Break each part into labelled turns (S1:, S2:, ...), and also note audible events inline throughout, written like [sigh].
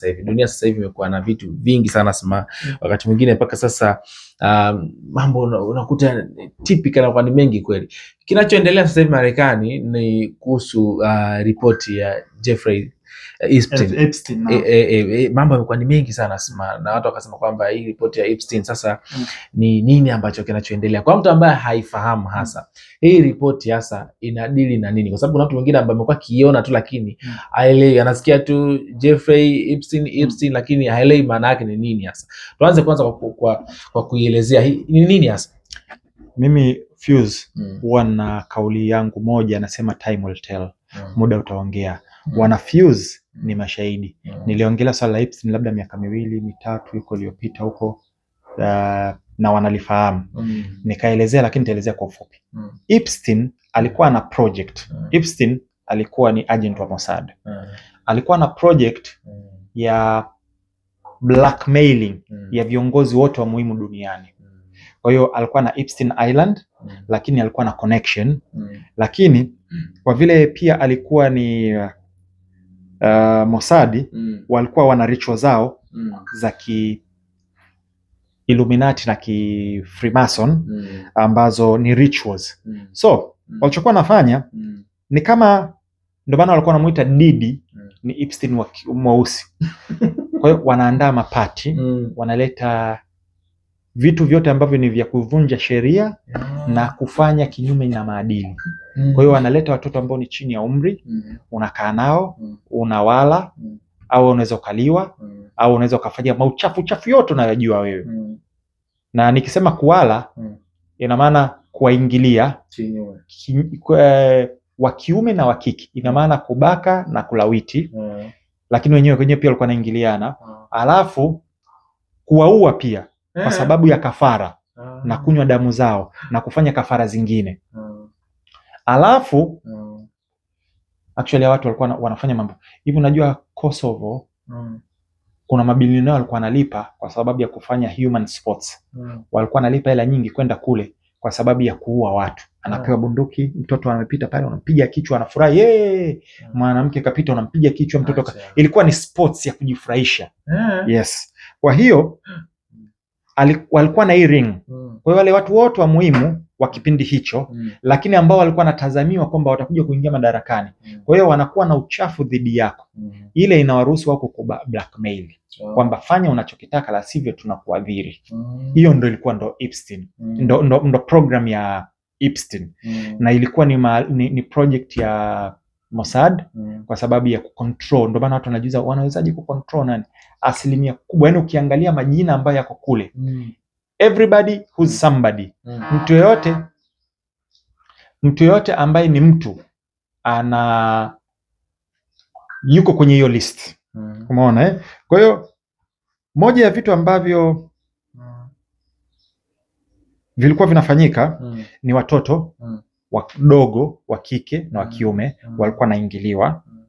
S1: sasa hivi. Dunia sasa hivi imekuwa na vitu vingi sana sma, wakati mwingine mpaka sasa um, mambo unakuta typical nakuwa ni mengi kweli. Kinachoendelea sasa hivi Marekani ni kuhusu uh, ripoti ya Jeffrey Eh, Epstein. Eh, Epstein, E, e, e, mambo yamekuwa ni mengi sana sima, na watu wakasema kwamba hii ripoti ya Epstein sasa mm. ni nini ambacho kinachoendelea kwa mtu ambaye haifahamu hasa mm. hii ripoti hasa inadili na nini, kwa sababu kuna watu wengine ambao wamekuwa kiona tu lakini mm. haelewi, anasikia tu Jeffrey Epstein, mm. Epstein mm. lakini haelewi maana yake ni nini hasa. Tuanze kwanza kwa, kwa, kwa kuielezea ni nini hasa.
S2: Mimi Fuse mm. huwa mm. na kauli yangu moja, anasema time will tell mm. muda utaongea Mm. wana Fuse ni mm. mashahidi. Mm. Niliongelea swala la labda miaka miwili mitatu huko iliyopita huko uh, na wanalifahamu mm. Nikaelezea lakini nitaelezea kwa ufupi mm. Epstein alikuwa na project mm. Epstein alikuwa ni agent wa Mossad mm. Alikuwa na project mm. ya blackmailing mm. ya viongozi wote wa muhimu duniani mm. Kwa hiyo alikuwa na Epstein Island mm. Lakini alikuwa na connection mm. Lakini mm. kwa vile pia alikuwa ni uh, uh, eh, Mosadi mm. walikuwa wana ritual zao mm. za ki Illuminati na ki Freemason mm. ambazo ni rituals mm. so mm. walichokuwa nafanya mm. ni kama ndio maana walikuwa wanamuita Didi mm. ni Epstein mweusi. [laughs] Kwa hiyo wanaandaa mapati mm. wanaleta vitu vyote ambavyo ni vya kuvunja sheria ah. na kufanya kinyume na maadili. Mm. Kwa hiyo wanaleta watoto ambao ni chini ya umri, mm. unakaa nao, mm. unawala au unaweza ukaliwa au unaweza ukafanya mauchafu chafu yote unayojua wewe. Na nikisema kuwala, ina maana kuwaingilia eh, wa kiume na wa kike, ina maana kubaka na kulawiti, lakini wenyewe wenyewe pia walikuwa wanaingiliana, ah. alafu kuwaua pia Eh. kwa sababu ya kafara ah. na kunywa damu zao na kufanya kafara zingine. Ah. Alafu ah. actually watu walikuwa wanafanya mambo hivi. Unajua Kosovo mm. kuna mabilionea walikuwa wanalipa kwa sababu ya kufanya human sports. Mm. Walikuwa wanalipa hela nyingi kwenda kule kwa sababu ya kuua watu. Anapewa bunduki, mtoto amepita pale, unampiga kichwa, anafurahi yeye. Mwanamke kapita, unampiga kichwa mtoto. ka... Ilikuwa ni sports ya kujifurahisha. Eh. Yes, kwa hiyo walikuwa na hii ring mm. Kwa hiyo wale watu wote wa muhimu wa kipindi hicho mm. lakini ambao walikuwa wanatazamiwa kwamba watakuja kuingia madarakani mm. Kwa hiyo wanakuwa na uchafu dhidi yako mm. Ile inawaruhusu wako ku blackmail oh. kwamba fanya unachokitaka, la sivyo tunakuadhiri mm. hiyo mm. Ndo ilikuwa ndo Epstein mm. ndo, ndo, ndo program ya Epstein mm. na ilikuwa ni, ma, ni, ni project ya Mossad mm. kwa sababu ya kucontrol, ndio maana watu wanajiuliza wanawezaje kucontrol nani asilimia kubwa, yani ukiangalia majina ambayo yako kule mm. everybody who's somebody mm. mtu yoyote mtu yoyote ambaye ni mtu ana yuko kwenye hiyo list mm. umeona eh? Kwa hiyo moja ya vitu ambavyo mm. vilikuwa vinafanyika mm. ni watoto mm. wadogo wa kike na wa mm. kiume mm. walikuwa naingiliwa mm.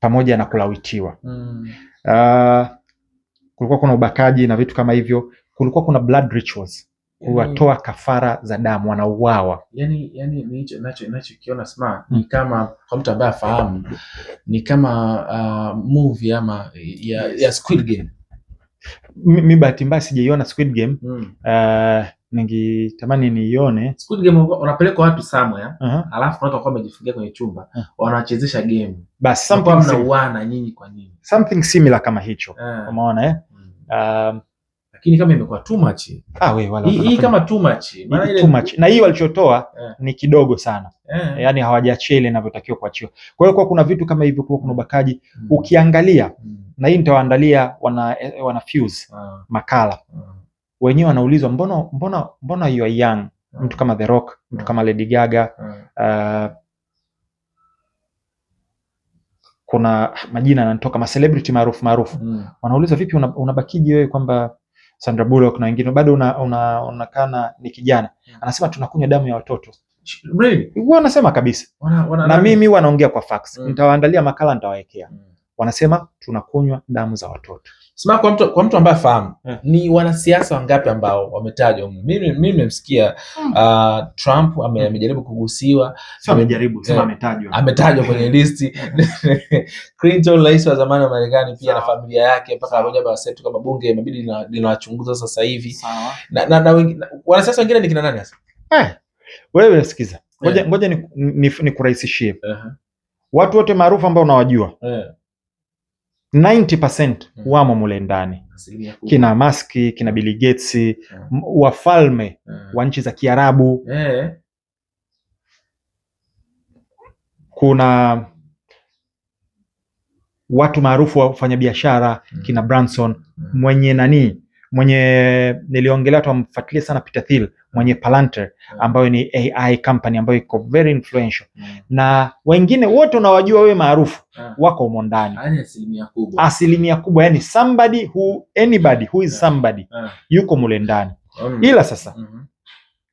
S2: pamoja na kulawitiwa mm. Uh, kulikuwa kuna ubakaji na vitu kama hivyo, kulikuwa kuna blood rituals, kuwatoa kafara za damu, wanauawa.
S1: Yani, yani nicho nacho ninachokiona Sma hmm. ni kama kwa mtu ambaye afahamu ni kama uh, movie ama ya, ya Squid Game.
S2: Mimi bahati mbaya sijaiona Squid Game mm. uh, ningitamani niione.
S1: Siku game unapeleka watu somewhere, uh -huh. Alafu watu wako wamejifungia kwenye chumba uh -huh. wanachezesha game basi, something mnauana nyinyi kwa nyinyi,
S2: something similar kama hicho uh. Umeona eh mm.
S1: um, lakini kama imekuwa too much ah, we wala hii kama too much
S2: maana ile too much na hii walichotoa yeah. ni kidogo sana yeah. Yani hawajachia ile inavyotakiwa kuachiwa. Kwa hiyo kwa kuna vitu kama hivyo, kwa kuna ubakaji mm. ukiangalia mm. na hii nitawaandalia wana eh, wana fuse ah. makala ah wenyewe wanaulizwa mbona, mbona, mbona you are young? Mtu kama The Rock, mtu kama Lady Gaga, uh, kuna majina yanatoka ma celebrity maarufu maarufu mm. Wanaulizwa vipi, unabakiji una wewe kwamba Sandra Bullock na wengine bado unaonekana una, ni kijana mm. Anasema tunakunywa damu ya watoto really? Wanasema kabisa wana, wana, na mimi huwa naongea kwa fax mm. Nitawaandalia makala nitawawekea mm. Wanasema tunakunywa damu za watoto.
S1: Sema kwa mtu, kwa mtu ambaye afahamu yeah. Ni wanasiasa wangapi ambao wametajwa? Mimi nimemsikia mm. uh, Trump ame, hmm. amejaribu kugusiwa,
S2: amejaribu sema eh, ametajwa,
S1: ametajwa kwenye [laughs] listi. [laughs] Clinton, rais wa zamani wa Marekani pia na familia yake mpaka moja wa setu kama bunge imebidi linawachunguza sasa hivi na, na, na, na, wanasiasa wengine ni kina nani sasa?
S2: Eh, wewe unasikiza ngoja eh. ngoja ni, ni, ni uh -huh. watu wote maarufu ambao unawajua yeah 90% hmm. wamo mule ndani, kina Maski, kina hmm. Bill Gates, hmm. wafalme wa nchi za Kiarabu. Eh. Kuna watu maarufu wafanyabiashara, kina Branson mwenye nani mwenye niliongelea tu amfuatilie sana Peter Thiel mwenye Palantir hmm. ambayo ni AI company ambayo iko very influential mm. na wengine wote unawajua wewe maarufu yeah. Hmm. wako humo ndani
S1: yaani asilimia kubwa,
S2: asilimia kubwa yani somebody who anybody who is hmm. somebody yeah. yuko mule ndani mm. ila sasa mm -hmm.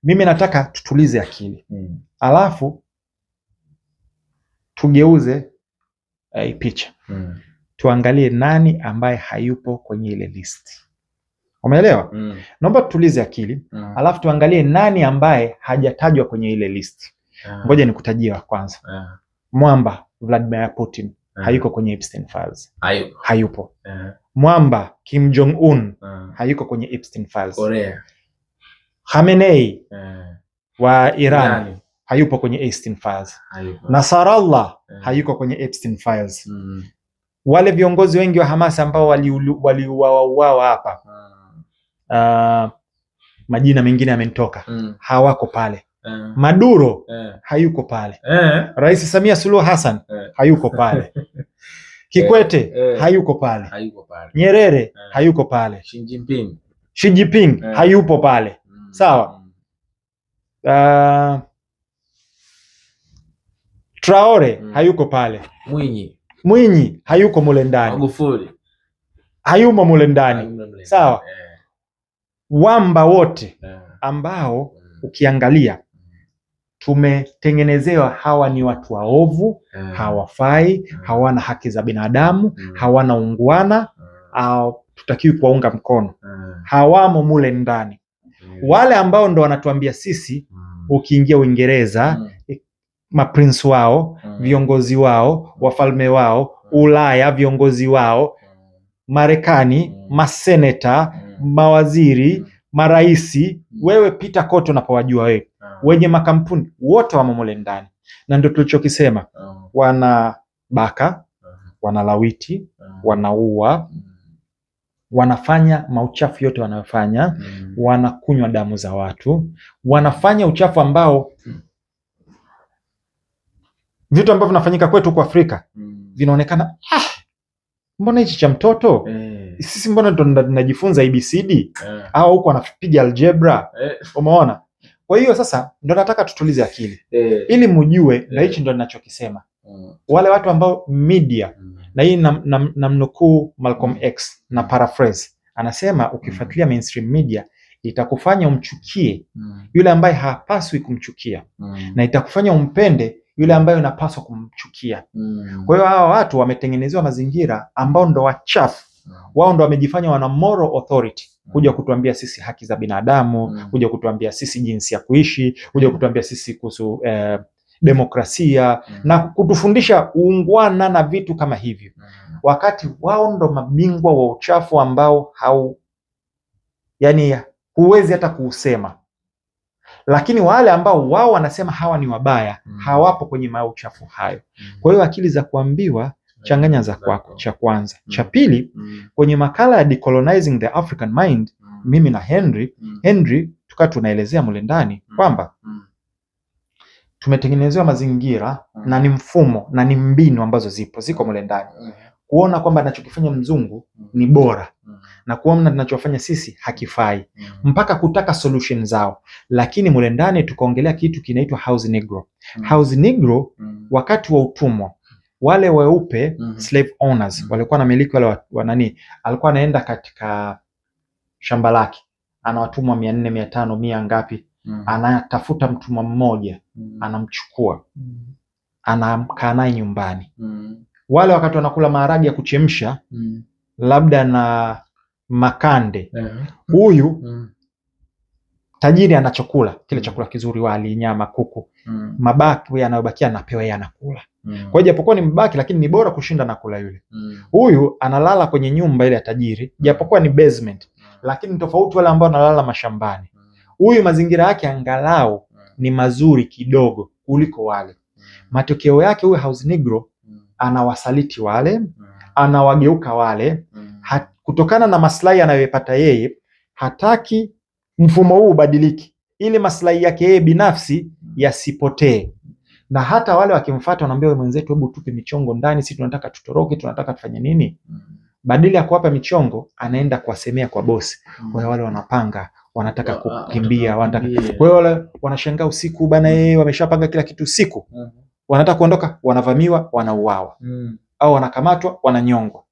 S2: mimi nataka tutulize akili mm. alafu tugeuze uh, picha mm. tuangalie nani ambaye hayupo kwenye ile listi Umeelewa? Mm. Naomba tutulize akili mm. Alafu tuangalie nani ambaye hajatajwa kwenye ile list. Ngoja yeah. Nikutajie wa kwanza yeah. Mwamba Vladimir Putin yeah. Hayuko kwenye Epstein Files. Hayupo, hayupo. Yeah. Mwamba Kim Jong Un yeah. Hayuko kwenye Epstein Files. Korea. Khamenei yeah. wa Iran nani? Hayupo kwenye Epstein Files. Hayupo. Nasarallah yeah. Hayuko kwenye Epstein Files. Mm. Wale viongozi wengi wa Hamas ambao waliuawa wali hapa uh, majina mengine yamenitoka mm. hawako pale mm. Maduro mm. hayuko pale mm. Rais Samia Suluhu Hassan mm. hayuko pale [laughs] Kikwete mm. hayuko pale hayuko pale Nyerere mm. hayuko pale
S1: Xi Jinping,
S2: Xi Jinping mm. hayupo pale mm. sawa uh, Traore mm. hayuko pale Mwinyi Mwinyi hayuko mule ndani Magufuli hayumo mule ndani sawa yeah wamba wote eh. ambao mm. ukiangalia tumetengenezewa hawa ni watu waovu, eh. hawafai, mm. hawana haki za binadamu, mm. hawana ungwana, tutakiwi kuwaunga mkono, hawamo mule ndani. Wale ambao ndo wanatuambia sisi, ukiingia Uingereza, maprinsi wao, viongozi wao, wafalme wao, Ulaya viongozi wao, Marekani maseneta mawaziri, maraisi, wewe pita kote unapowajua wewe, ah. wenye makampuni wote wamo mule ndani, na ndio tulichokisema, ah. wana baka ah. wana lawiti wanaua hmm. wanafanya mauchafu yote wanayofanya, hmm. Wanakunywa damu za watu, wanafanya uchafu ambao vitu ambavyo vinafanyika kwetu huko Afrika hmm. vinaonekana ah, mbona hichi cha mtoto eh sisi mbona tunajifunza ABCD eh. au huko anapiga algebra, eh. umeona? Kwa hiyo sasa ndo nataka tutulize akili eh. ili mujue, na hichi ndo ninachokisema mm. wale watu ambao media mm. na hii namnukuu na, na Malcolm X na mm. paraphrase anasema, ukifuatilia mainstream media itakufanya umchukie yule ambaye hapaswi kumchukia na itakufanya umpende yule ambaye unapaswa kumchukia. Kwa hiyo hawa watu wametengenezewa mazingira ambao ndo wachafu wao ndo wamejifanya wana moral authority mm. kuja kutuambia sisi haki za binadamu mm. kuja kutuambia sisi jinsi ya kuishi, kuja mm. kutuambia sisi kuhusu eh, demokrasia mm. na kutufundisha uungwana na vitu kama hivyo mm. wakati wao ndo mabingwa wa uchafu ambao hau yani huwezi hata kuusema, lakini wale ambao wao wanasema hawa ni wabaya mm. hawapo kwenye mauchafu hayo mm. kwa hiyo akili za kuambiwa changanya za kwako, cha kwanza. Mm. Cha pili, mm. kwenye makala ya Decolonizing the African Mind, mm. mimi na Henry Henry tukawa tunaelezea mle ndani kwamba tumetengenezewa mazingira na ni mfumo na ni mbinu ambazo zipo ziko mule ndani kuona kwamba anachokifanya mzungu ni bora na kuona tunachofanya sisi hakifai, mpaka kutaka solution zao. Lakini mule ndani tukaongelea kitu kinaitwa house negro. House negro wakati wa utumwa wale weupe mm -hmm. slave owners mm -hmm. walikuwa wanamiliki wale nani, alikuwa anaenda katika shamba lake, anawatumwa mia nne mia tano mia ngapi mm -hmm. anatafuta mtumwa mmoja mm -hmm. anamchukua mhm. anamkaa naye nyumbani mm -hmm. wale wakati wanakula maharage ya kuchemsha mm -hmm. labda na makande eh. huyu mm -hmm tajiri anachokula kile mm. chakula kizuri, wali, nyama, kuku mm. mabaki yanayobakia anapewa yeye, anakula mm. kwa hiyo japokuwa ni mabaki, lakini ni bora kushinda na kula yule. Mm. Huyu mm. analala kwenye nyumba ile ya tajiri, mm. japokuwa ni basement mm. lakini tofauti wale ambao analala mashambani. Huyu mm. mazingira yake angalau ni mazuri kidogo kuliko wale. mm. Matokeo yake huyu house negro mm. anawasaliti wale, mm. anawageuka wale, mm. kutokana na maslahi anayopata yeye, hataki mfumo huu ubadiliki, ili maslahi yake yeye binafsi yasipotee. Na hata wale wakimfuata wanaambia, wewe mwenzetu, hebu tupe michongo ndani, si tunataka tutoroke, tunataka tufanye nini? badili ya kuwapa michongo, anaenda kuwasemea kwa bosi. Mm. Kwa hiyo wale wanapanga wanataka ah, ah, kukimbia, wanataka kwa hiyo wale wanashangaa usiku bana, yeye mm. wameshapanga kila kitu usiku, mm. wanataka kuondoka, wanavamiwa, wanauawa au wanakamatwa, wananyongwa.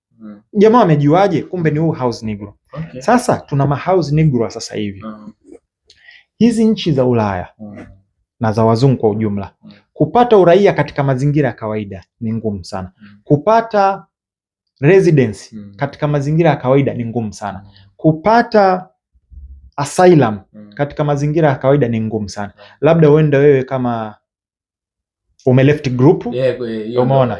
S2: Jamaa amejuaje? Kumbe ni huu house negro. Okay. Sasa tuna ma house negro sasa hivi. Mm. Hizi nchi za Ulaya mm. na za wazungu kwa ujumla mm. kupata uraia katika mazingira ya kawaida ni ngumu sana mm. kupata residence mm. katika mazingira ya kawaida ni ngumu sana mm. kupata asylum mm. katika mazingira ya kawaida ni ngumu sana mm. labda uende wewe kama umeleft group yeah, umeona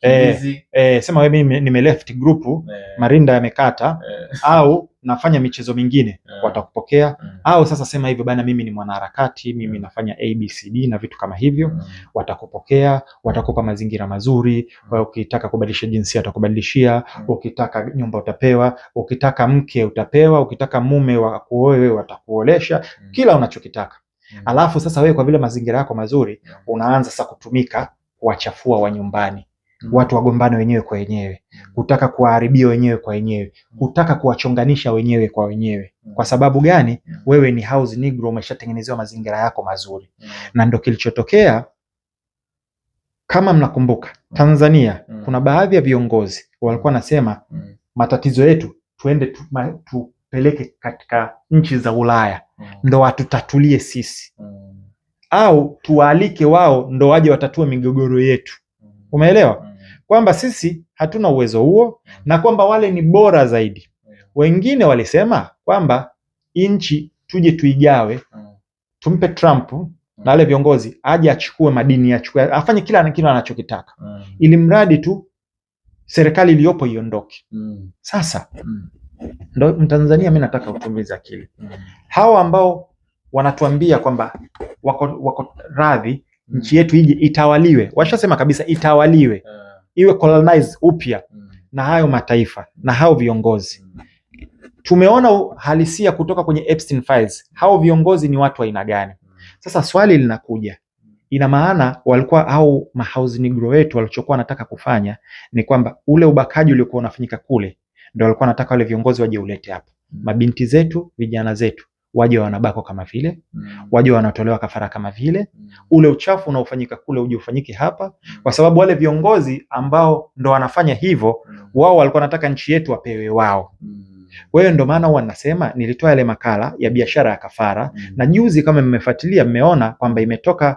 S2: eh, eh, sema we mimi nimeleft group yeah, Marinda yamekata yeah, au nafanya michezo mingine yeah, watakupokea mm. au sasa sema hivyo bana, mimi ni mwanaharakati mimi yeah, nafanya ABCD na vitu kama hivyo mm. watakupokea, watakupa mazingira mazuri yeah, ukitaka kubadilisha jinsia atakubadilishia mm. ukitaka nyumba utapewa, ukitaka mke utapewa, ukitaka mume wa kuoe watakuolesha mm. kila unachokitaka Mm. Alafu sasa wewe kwa vile mazingira yako mazuri mm. unaanza sasa kutumika kuwachafua wa nyumbani mm. watu wagombane wenyewe kwa wenyewe, kutaka kuwaharibia wenyewe kwa wenyewe, kutaka kuwachonganisha wenyewe kwa wenyewe. Kwa sababu gani? Wewe ni house negro, umeshatengenezewa mazingira yako mazuri, na ndo kilichotokea. Kama mnakumbuka Tanzania, kuna baadhi ya viongozi walikuwa wanasema matatizo yetu tuende tu, ma, tu, tupeleke katika nchi za Ulaya mm. ndo watutatulie sisi mm. au tuwaalike wao ndo waje watatue migogoro yetu mm. umeelewa mm. kwamba sisi hatuna uwezo huo mm. na kwamba wale ni bora zaidi mm. wengine walisema kwamba nchi tuje tuigawe mm. tumpe Trump mm. na wale viongozi aje achukue madini achukue afanye kila kile anachokitaka mm. ili mradi tu serikali iliyopo iondoke mm. sasa mm. Ndo Mtanzania mi nataka utumize akili. Hawa ambao wanatuambia kwamba wako, wako radhi nchi yetu ije itawaliwe, washasema kabisa itawaliwe, eh. iwe colonize upya mm. na hayo mataifa na hao viongozi. Mm. Tumeona uhalisia kutoka kwenye Epstein Files, hao viongozi ni watu aina gani? Mm. Sasa swali linakuja, ina maana walikuwa au mahouse negro wetu walichokuwa wanataka kufanya ni kwamba ule ubakaji uliokuwa unafanyika kule ndio walikuwa wanataka wale viongozi waje ulete hapa mm. mabinti zetu, vijana zetu waje wanabako kama vile mm. waje wanatolewa kafara kama vile mm. ule uchafu unaofanyika kule uje ufanyike hapa, mm. kwa sababu wale viongozi ambao ndo wanafanya hivyo mm. wao walikuwa wanataka nchi yetu wapewe wao mm. Kwa hiyo ndo maana huwa nasema nilitoa ile makala ya biashara ya kafara mm. na juzi, kama mmefuatilia, mmeona kwamba imetoka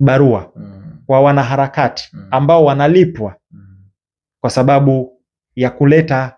S2: barua mm. kwa wanaharakati mm. ambao wanalipwa mm. kwa sababu ya kuleta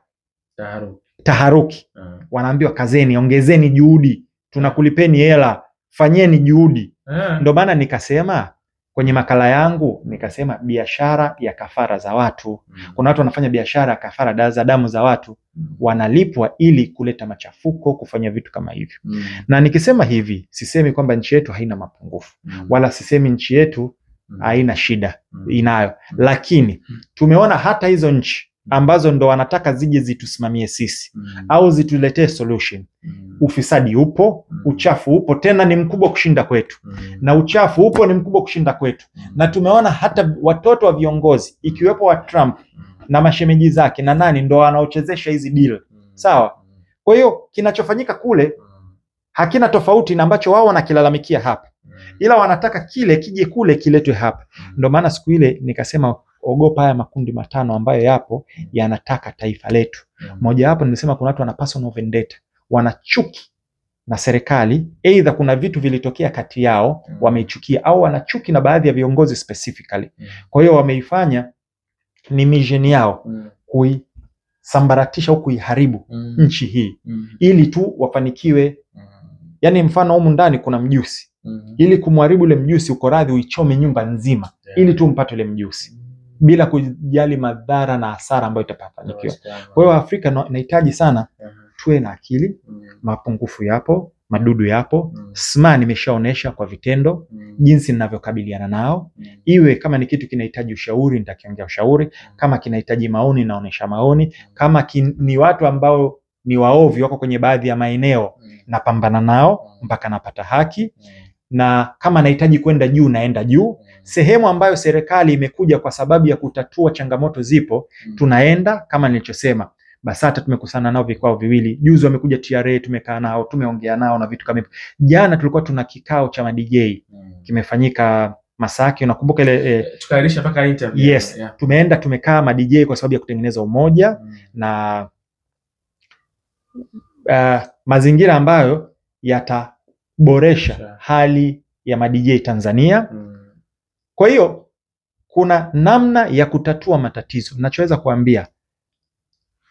S2: taharuki, taharuki. Ah. Wanaambiwa kazeni, ongezeni juhudi, tunakulipeni hela, fanyeni juhudi. Ah. Ndio maana nikasema kwenye makala yangu nikasema biashara ya kafara za watu. Mm. Kuna watu wanafanya biashara ya kafara za damu za watu, mm. wanalipwa ili kuleta machafuko, kufanya vitu kama hivyo mm. na nikisema hivi, sisemi kwamba nchi yetu haina mapungufu mm. wala sisemi nchi yetu mm. haina shida, inayo, lakini tumeona hata hizo nchi Mm. ambazo ndo wanataka zije zitusimamie sisi mm -hmm. au zituletee solution mm -hmm. Ufisadi upo mm -hmm. Uchafu upo tena ni mkubwa kushinda kwetu mm -hmm. na uchafu upo ni mkubwa kushinda kwetu mm -hmm. na tumeona hata watoto wa viongozi ikiwepo wa Trump mm -hmm. na mashemeji zake na nani ndo wanaochezesha hizi deal mm -hmm. sawa. Mm. Kwa hiyo kinachofanyika kule mm. hakina tofauti na ambacho wao wanakilalamikia hapa, ila wanataka kile kije kule kiletwe hapa. Ndo maana siku ile nikasema ogopa haya makundi matano ambayo yapo yanataka taifa letu. Mm. Moja wapo nimesema kuna watu wana personal vendetta, wana chuki na serikali, aidha kuna vitu vilitokea kati yao mm. wameichukia, au wana chuki na baadhi ya viongozi specifically. Mm. Kwa hiyo wameifanya ni mission yao kuisambaratisha au kuiharibu nchi hii ili tu wafanikiwe. Yani mfano humu ndani kuna mjusi, ili kumharibu ule mjusi uko radhi uichome nyumba nzima ili tu mpate ule mjusi bila kujali madhara na hasara ambayo itafanikiwa. Kwa hiyo Afrika inahitaji sana mhm. tuwe na akili, mhm. mapungufu yapo madudu yapo. mm. SMA nimeshaonesha kwa vitendo mm. jinsi ninavyokabiliana nao mm. iwe kama ni kitu kinahitaji ushauri nitakiongea ushauri mm. kama kinahitaji maoni naonesha maoni, mhm. kama ni watu ambao ni waovi wako kwenye baadhi ya maeneo mm. napambana nao mpaka napata haki mm na kama nahitaji kwenda juu naenda juu. Mm. Sehemu ambayo serikali imekuja kwa sababu ya kutatua changamoto zipo, mm. tunaenda kama nilichosema. BASATA tumekusana nao vikao viwili, juzi wamekuja TRA, tumekaa nao, tumeongea nao na vitu kama hivyo. Jana tulikuwa tuna kikao cha madijei mm. kimefanyika Masaki, unakumbuka ile eh, eh
S1: tukaahirisha mpaka interview.
S2: Yes, yeah. Tumeenda tumekaa madijei kwa sababu ya kutengeneza umoja mm. na uh, mazingira ambayo yata kuboresha hali ya madj Tanzania. Hmm. Kwa hiyo kuna namna ya kutatua matatizo. Nachoweza kuambia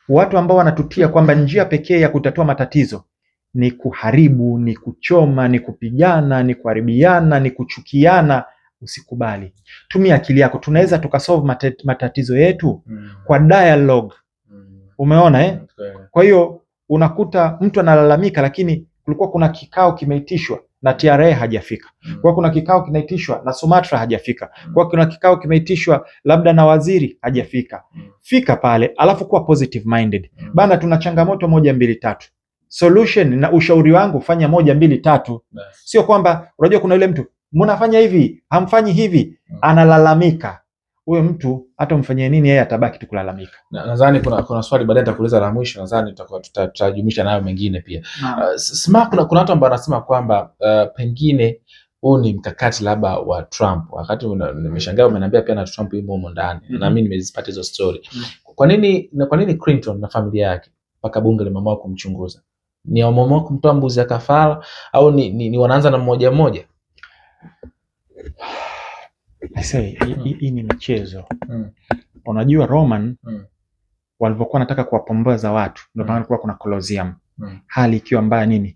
S2: watu ambao wanatutia kwamba njia pekee ya kutatua matatizo ni kuharibu, ni kuchoma, ni kupigana, ni kuharibiana, ni kuchukiana, usikubali. Tumia akili yako. Tunaweza tukasolve matatizo yetu mm. kwa dialogue mm. umeona eh? Okay. Hmm, kwa hiyo unakuta mtu analalamika, lakini kulikuwa kuna kikao kimeitishwa na TRA hajafika. Mm. Kwa kuna kikao kinaitishwa na Sumatra hajafika. Mm. Kwa kuna kikao kimeitishwa labda na waziri hajafika. Mm. Fika pale, alafu kuwa positive minded. Bana, tuna changamoto moja mbili tatu. Solution na ushauri wangu fanya moja mbili tatu. Sio kwamba unajua kuna yule mtu mnafanya hivi, hamfanyi hivi, analalamika huyo mtu hata umfanyie nini, yeye atabaki tu kulalamika.
S1: Nadhani kuna, kuna swali baadaye nitakuuliza la mwisho, nadhani tutajumisha nayo mengine pia uh, sma kuna kuna watu ambao wanasema kwamba uh, pengine huu ni mkakati labda wa Trump. Wakati nimeshangaa umeniambia pia na Trump yumo humo ndani mm -hmm. na mimi nimezipata hizo story mm -hmm. kwa nini na kwa nini Clinton na familia yake mpaka bunge limeamua kumchunguza? Ni wameamua kumtoa mbuzi ya kafara au ni, ni, ni wanaanza na mmoja mmoja?
S2: Hmm. hii ni michezo mm. Unajua Roman mm. walivyokuwa wanataka kuwapomboza watu ndio maana hmm. kulikuwa kuna Colosseum mm. hali ikiwa mbaya nini,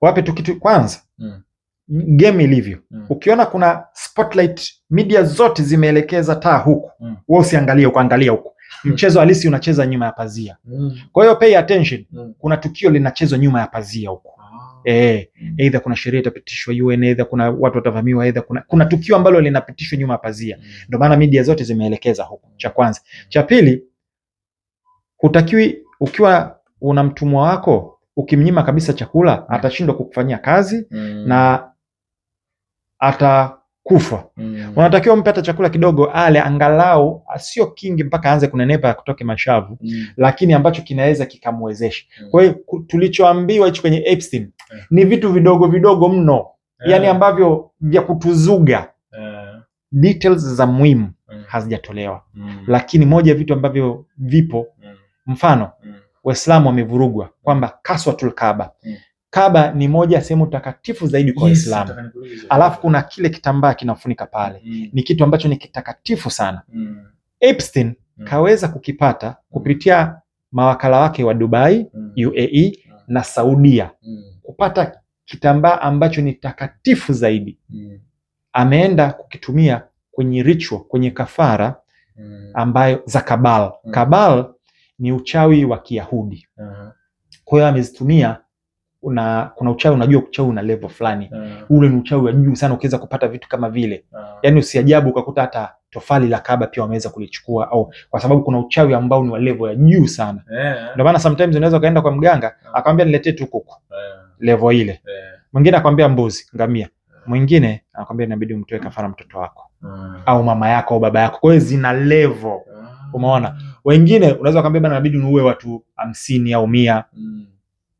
S2: wape tu kitu kwanza mm. game ilivyo mm. ukiona kuna spotlight, media zote zimeelekeza taa huku mm. wewe usiangalie ukaangalia huku hmm. mchezo halisi unacheza nyuma ya pazia mm. kwa hiyo pay attention mm. kuna tukio linachezwa nyuma ya pazia huku eh, mm. aidha kuna sheria itapitishwa UN, aidha kuna watu watavamiwa, aidha kuna, kuna tukio ambalo linapitishwa nyuma pazia. Mm. Ndio maana media zote zimeelekeza huko. Cha kwanza, cha pili, hutakiwi ukiwa una mtumwa wako ukimnyima kabisa chakula atashindwa kukufanyia kazi mm. na ata kufa mm. Unatakiwa mpe hata chakula kidogo ale angalau, sio kingi mpaka aanze kunenepa kutoke mashavu mm. Lakini ambacho kinaweza kikamwezesha mm. Kwa hiyo tulichoambiwa hichi kwenye Epstein yeah. Ni vitu vidogo vidogo mno yeah. Yani ambavyo vya kutuzuga yeah. Details za muhimu mm. hazijatolewa mm. Lakini moja ya vitu ambavyo vipo mm. mfano mm. Waislamu wamevurugwa kwamba kaswatul Kaaba mm kaba ni moja ya sehemu takatifu zaidi kwa Waislamu. Yes, alafu kuna kile kitambaa kinafunika pale mm. ni kitu ambacho ni kitakatifu sana mm. Epstein mm. kaweza kukipata kupitia mm. mawakala wake wa Dubai mm. UAE mm. na Saudia mm. kupata kitambaa ambacho ni takatifu zaidi mm. ameenda kukitumia kwenye ritual, kwenye kafara mm. ambayo za Kabal mm. Kabal ni uchawi wa Kiyahudi uh -huh. kwa hiyo amezitumia una kuna uchawi unajua uchawi una level fulani yeah. Ule ni uchawi wa juu sana, ukiweza kupata vitu kama vile yeah. Yani usiajabu ukakuta hata tofali la kaba pia wameweza kulichukua au kwa sababu kuna uchawi ambao ni wa level ya juu sana yeah. Ndio maana sometimes unaweza ukaenda kwa mganga yeah. Akamwambia niletee tu kuku yeah. Level ile yeah. Mwingine akwambia mbuzi, ngamia yeah. Mwingine akwambia inabidi umtoe kafara mtoto wako yeah. Au mama yako au baba yako, kwa hiyo zina level yeah. Umeona, wengine unaweza ukaambia bana, inabidi uue watu hamsini au mia mm.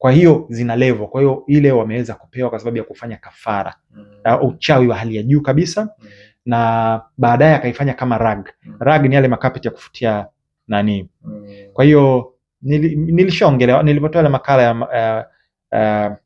S2: Kwa hiyo zina level. Kwa hiyo ile wameweza kupewa kwa sababu ya kufanya kafara mm. Uh, uchawi wa hali ya juu kabisa mm. Na baadaye akaifanya kama rag mm. Rag ni yale makapeti ya kufutia nani mm. Kwa hiyo nilishaongelea nilishaongelea nilipotoa ile makala ya uh, uh,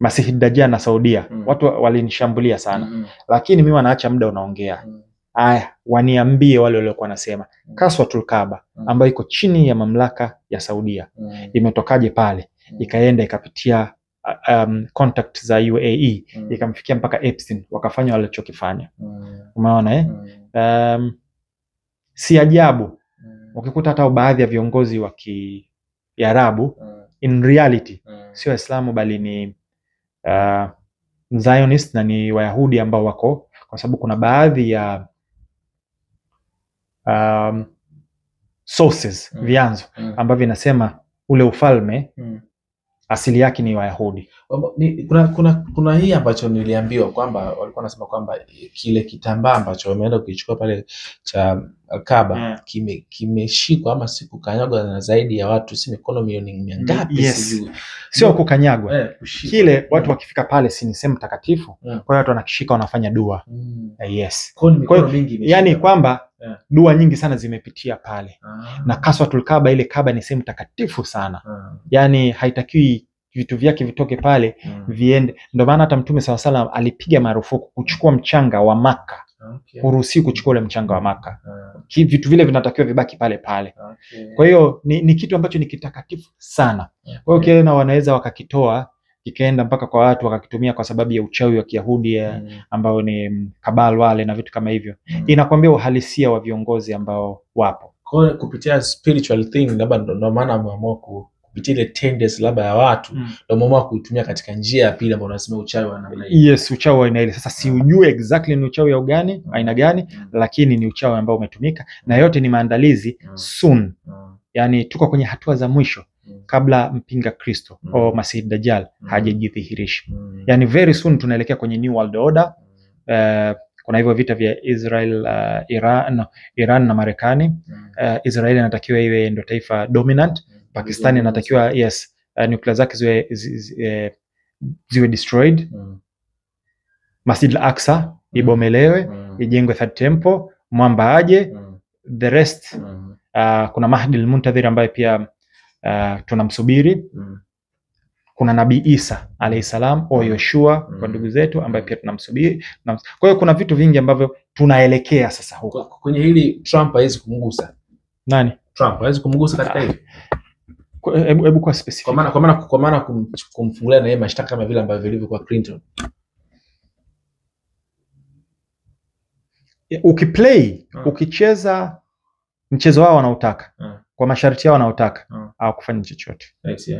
S2: Masihi Dajjal na Saudia mm. Watu walinishambulia sana mm. Lakini mimi wanaacha muda unaongea mm. Aya, waniambie wale waliokuwa nasema mm. kaswa Tulkaba mm. ambayo iko chini ya mamlaka ya Saudia mm. imetokaje pale, ikaenda ikapitia uh, um, contact za UAE ikamfikia mpaka Epstein, wakafanya walichokifanya. Umeona eh? Um, si ajabu ukikuta hata baadhi ya viongozi wa Kiarabu in reality sio Waislamu bali ni uh, Zionist na ni Wayahudi ambao wako, kwa sababu kuna baadhi ya um, sources mm. vyanzo mm. ambavyo inasema ule ufalme mm. asili yake ni Wayahudi.
S1: Kuna, kuna, kuna hii ambacho niliambiwa kwamba walikuwa nasema kwamba e, kile kitambaa ambacho wameenda kukichukua pale cha uh, Kaaba yeah. Mm. kimeshikwa kime ama si kukanyagwa na zaidi ya watu si mikono milioni mia mm, ngapi?
S2: yes. sio kukanyagwa yeah, kile yeah. Mm. watu wakifika pale si ni sehemu takatifu yeah. kwa hiyo watu wanakishika wanafanya dua mm. Eh, yes. kwa hiyo yani kwamba yeah. Dua nyingi sana zimepitia pale ah. Na Kaswatul Kaaba, ile kaba ni sehemu takatifu sana ah. Yaani haitakiwi vitu vyake vitoke pale mm. Viende, ndio maana hata Mtume saw salam alipiga marufuku kuchukua mchanga wa Maka okay. Huruhusi kuchukua ule mchanga wa Maka yeah. Vitu vile vinatakiwa vibaki pale pale okay. Kwa hiyo ni, ni kitu ambacho ni kitakatifu sana yeah. Kwa hiyo kiona wanaweza wakakitoa kikaenda mpaka kwa watu wakakitumia kwa sababu ya uchawi wa Kiyahudi mm. ambao ni kabal wale na vitu kama hivyo mm. inakwambia uhalisia wa viongozi ambao wapo
S1: kwa kupitia spiritual thing, labda ndio maana ameamua kupitia ile tendency labda ya watu ndio ameamua mm. kuitumia katika njia ya pili ambayo unasema uchawi wa namna
S2: hiyo. Yes, uchawi wa aina ile. Sasa siujue exactly ni uchawi wa gani mm. aina gani mm. lakini ni uchawi ambao umetumika na yote ni maandalizi mm. soon mm. yani tuko kwenye hatua za mwisho Mm. kabla mpinga Kristo mm. au Masih Dajjal mm. hajajidhihirisha mm. yani very soon tunaelekea kwenye new world order uh, kuna hivyo vita vya Israel uh, Iran, no, Iran na Marekani mm. uh, Israel inatakiwa iwe ndio taifa dominant mm. Pakistan inatakiwa mm. yes uh, nuclear zake ziwe, ziwe, ziwe destroyed mm. Masjid al-Aqsa mm. ibomelewe mm. ijengwe third temple mwamba aje mm. the rest mm. uh, kuna Mahdi al-Muntadhir ambaye pia uh, tunamsubiri mm. Kuna Nabii Isa alayhi salam au mm. Yoshua mm. kwa ndugu zetu ambaye mm. pia tunamsubiri. Kwa hiyo kuna vitu vingi ambavyo tunaelekea sasa huko.
S1: Kwenye hili Trump hawezi kumgusa. Nani? Trump hawezi kumgusa katika hili.
S2: Hebu hebu kwa specific. Kwa
S1: maana kwa maana kwa maana kum, kumfungulia na yeye mashtaka kama vile ambavyo vilivyo kwa Clinton.
S2: Ukiplay, hmm. ukicheza mchezo wao wanaotaka hmm. kwa masharti yao wanaotaka hmm hawakufanya chochote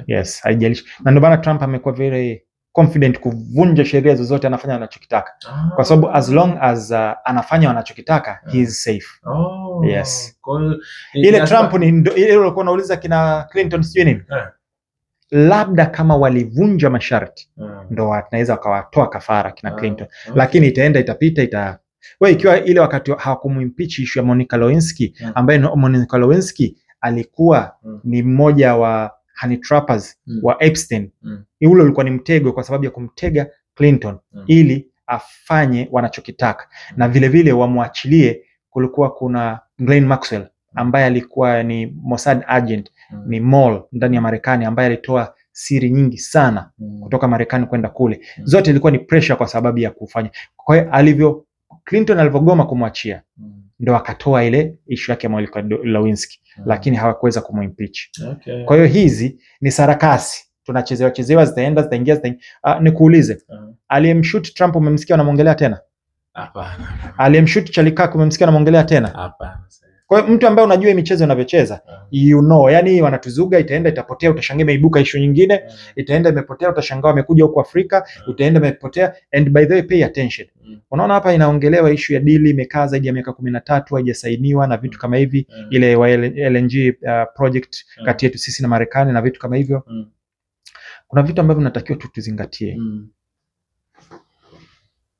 S2: Yes, haijalishi na ndio maana Trump amekuwa very confident kuvunja sheria zozote, anafanya anachokitaka ah, kwa sababu as long as uh, anafanya anachokitaka yeah, he is safe oh, yes. Kwa, Ile Trump ni ile ulikuwa unauliza kina Clinton sijui nini yeah, labda kama walivunja masharti yeah, ndo anaweza wakawatoa kafara kina yeah, Clinton okay, lakini itaenda itapita ita we ikiwa ile wakati hawakumwimpeach issue ya Monica Lewinsky yeah, hmm. ambaye Monica Lewinsky alikuwa mm. ni mmoja wa honey trappers mm. wa Epstein mm. ule ulikuwa ni mtego kwa sababu ya kumtega Clinton mm. ili afanye wanachokitaka mm. na vilevile wamwachilie. Kulikuwa kuna Glenn Maxwell mm. ambaye alikuwa ni Mossad agent mm. ni mall ndani ya Marekani ambaye alitoa siri nyingi sana mm. kutoka Marekani kwenda kule mm. zote ilikuwa ni pressure kwa sababu ya kufanya. Kwa hiyo alivyo Clinton alivyogoma kumwachia mm ndo akatoa ile ishu yake ambayo Lewinsky hmm. lakini hawakuweza kumwimpeach. Okay. Kwa hiyo hizi ni sarakasi tunachezewa chezewa, zitaenda zitaingia, zitaingia. Uh, nikuulize hmm. aliyemshoot Trump umemsikia anamwongelea tena? Hapana. Aliyemshoot Charlie umemsikia anamwongelea tena? Hapana. Kwa hiyo mtu ambaye unajua michezo inavyocheza, you know, yani wanatuzuga, itaenda itapotea, utashangaa imeibuka issue nyingine, itaenda imepotea, utashangaa wamekuja huko Afrika, utaenda imepotea. And by the way, pay attention. Mm. Unaona hapa inaongelewa issue ya dili imekaa zaidi ya miaka kumi na tatu haijasainiwa na vitu kama hivi, ile wa LNG uh, project kati yetu sisi na Marekani na vitu kama hivyo. Mm. Kuna vitu ambavyo tunatakiwa tu tuzingatie. Mm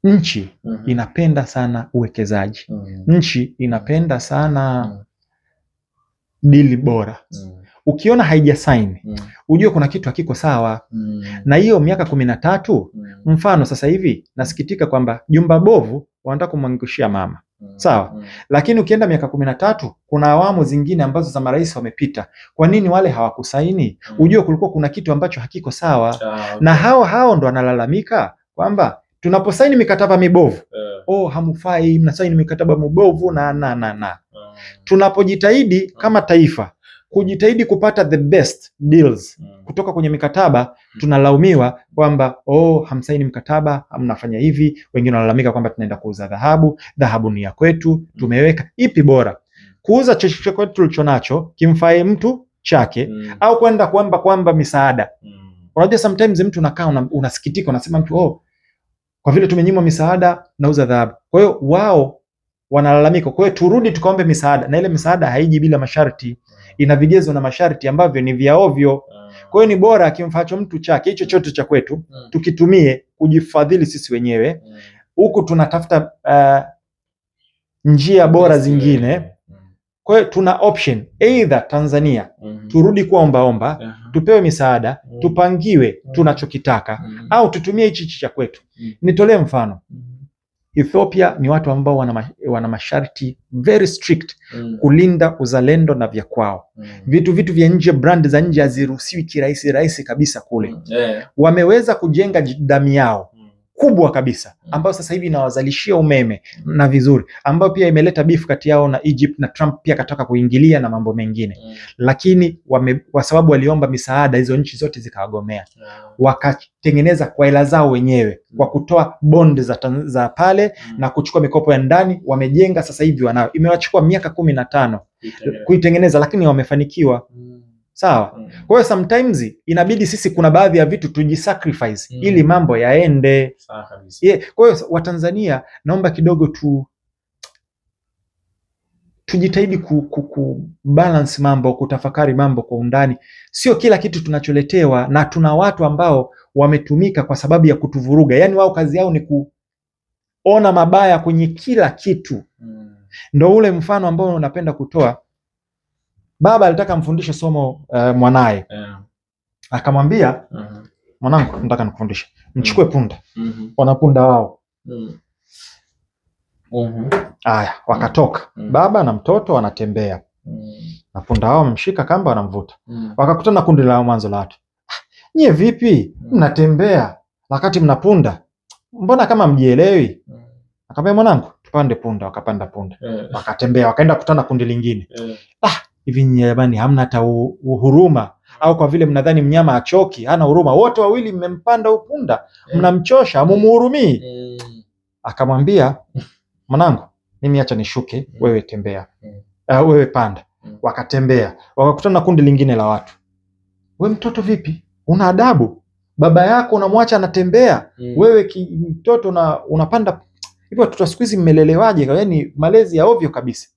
S2: nchi mm -hmm. inapenda sana uwekezaji mm -hmm. nchi inapenda mhm. sana mm -hmm. dili bora mm -hmm. Ukiona saini mm -hmm. ujue kuna kitu hakiko sawa mm -hmm. na hiyo miaka kumi na tatu mm -hmm. mfano sasa hivi nasikitika kwamba jumba bovu wanataka kumwangushia mama mhm. Sawa mm. Lakini ukienda miaka kumi na tatu kuna awamu zingine ambazo za marais wamepita, kwa nini wale hawakusaini? mm. Ujue kulikuwa kuna kitu ambacho hakiko sawa. Chao. Na hao hao ndo wanalalamika kwamba tunaposaini mikataba mibovu yeah. Oh, hamfai mnasaini mikataba mibovu na, na, na, na. Yeah. Tunapojitahidi yeah. kama taifa kujitahidi kupata the best deals yeah. Hmm. kutoka kwenye mikataba hmm. tunalaumiwa kwamba oh, hamsaini mkataba, hamnafanya hivi. Wengine wanalalamika kwamba tunaenda kuuza dhahabu, dhahabu ni ya kwetu, hmm. tumeweka ipi bora kuuza chochote kwetu tulicho nacho kimfae mtu chake mm. au kwenda kuomba kwamba misaada mm. Unajua, sometimes mtu unakaa unasikitika, unasema mtu oh, kwa vile tumenyimwa misaada na uza dhahabu. Kwa hiyo wao wanalalamika, kwa hiyo turudi tukaombe misaada, na ile misaada haiji bila masharti, ina vigezo na masharti ambavyo ni vya ovyo. Kwa hiyo ni bora akimfacho mtu chake hicho chote cha kwetu hmm. tukitumie kujifadhili sisi wenyewe, hmm. huku tunatafuta uh, njia bora zingine. Kwa hiyo tuna option either Tanzania hmm. turudi kuwa ombaomba tupewe misaada mm. tupangiwe mm. tunachokitaka mm. au tutumie hichi hichi cha kwetu mm. nitolee mfano mm. Ethiopia ni watu ambao wana, wana masharti very strict mm. kulinda uzalendo na vya kwao mm. vitu vitu vya nje, brand za nje haziruhusiwi kirahisi rahisi kabisa kule mm. yeah. wameweza kujenga damu yao kubwa kabisa mm. ambayo sasa hivi inawazalishia umeme mm. na vizuri, ambayo pia imeleta beef kati yao na Egypt na Trump pia kataka kuingilia na mambo mengine mm. Lakini wame, kwa sababu waliomba misaada hizo nchi zote zikawagomea mm. Wakatengeneza kwa hela zao wenyewe mm. kwa kutoa bond za, za pale mm. na kuchukua mikopo ya ndani, wamejenga sasa hivi wanayo, imewachukua miaka kumi na tano kuitengeneza, lakini wamefanikiwa mm. Sawa. Mm. Kwa hiyo sometimes inabidi sisi kuna baadhi ya vitu tujisacrifice mm. ili mambo yaende. Sawa Yeah. Kwa hiyo Watanzania naomba kidogo tu tujitahidi ku, ku, ku balance mambo, kutafakari mambo kwa undani. Sio kila kitu tunacholetewa, na tuna watu ambao wametumika kwa sababu ya kutuvuruga. Yaani wao kazi yao ni kuona mabaya kwenye kila kitu mm. Ndo ule mfano ambao unapenda kutoa baba alitaka amfundishe somo uh, mwanaye yeah. Akamwambia uh -huh. Mwanangu, nataka nikufundishe, mchukue mm-hmm. punda uh mm-hmm. -huh. Wana punda wao mm-hmm. uh -huh. Uhum. Aya, wakatoka uhum. Baba na mtoto wanatembea uh-huh. na punda wao wamemshika kamba, wanamvuta uh-huh. wakakutana kundi la mwanzo la watu. Ah, nyie vipi mnatembea wakati mna punda? Mbona kama mjielewi? Akamwambia mwanangu, tupande punda. Wakapanda punda, wakatembea, wakaenda kutana kundi lingine. Ah, hivi jamani, hamna hata huruma? Au kwa vile mnadhani mnyama achoki, hana huruma? Wote wawili mmempanda upunda, eh. mnamchosha, mumuhurumii. Eh. Akamwambia, mwanangu, mimi acha nishuke, eh. wewe tembea, uh, wewe panda. Wakatembea, wakakutana na kundi lingine la watu. We mtoto, vipi, una adabu? Baba yako unamwacha anatembea, wewe mtoto unapanda hivyo. Watoto siku hizi mmelelewaje? Yani malezi ya ovyo kabisa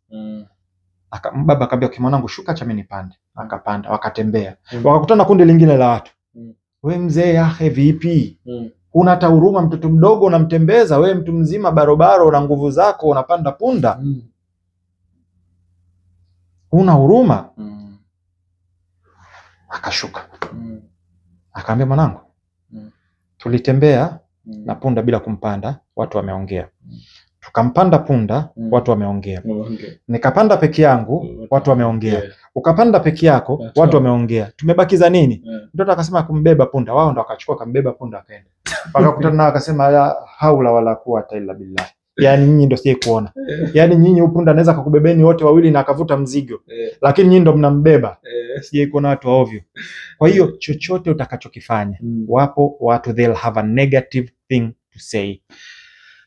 S2: baba akaambia okay, mwanangu shuka chami nipande. Mm. Akapanda, wakatembea. Mm. Wakakutana kundi lingine la watu. Mm. We mzee yahe vipi? Mm. Una hata huruma mtoto mdogo unamtembeza, we mtu mzima barobaro na nguvu zako unapanda punda. Mm. Una huruma? Mm. Akashuka. Mm. Akaambia mwanangu, mm. tulitembea mm. na punda bila kumpanda, watu wameongea. Mm. Tukampanda punda mm. watu wameongea mm. nikapanda peke yangu mm. watu wameongea yeah. ukapanda peke yako yeah. watu wameongea, tumebakiza nini? yeah. Mtoto akasema kumbeba punda, wao ndo akachukua akambeba punda akaenda mpaka nao, akasema la haula wala quwwata illa billah Yaani nyinyi ndio sije kuona. Yaani nyinyi punda anaweza kukubebeni wote wawili na akavuta mzigo. yeah. Lakini nyinyi ndo mnambeba. yeah. Sije kuona watu waovyo. Kwa hiyo chochote utakachokifanya, mm. wapo watu they'll have a negative thing to say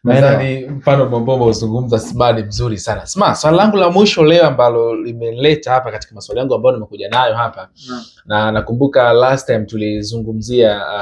S1: nadhani mfano bombomo uzungumza sma ni mzuri sana sma swali langu la mwisho leo ambalo limeleta hapa katika maswali yangu ambayo nimekuja nayo hapa na nakumbuka last time tulizungumzia uh,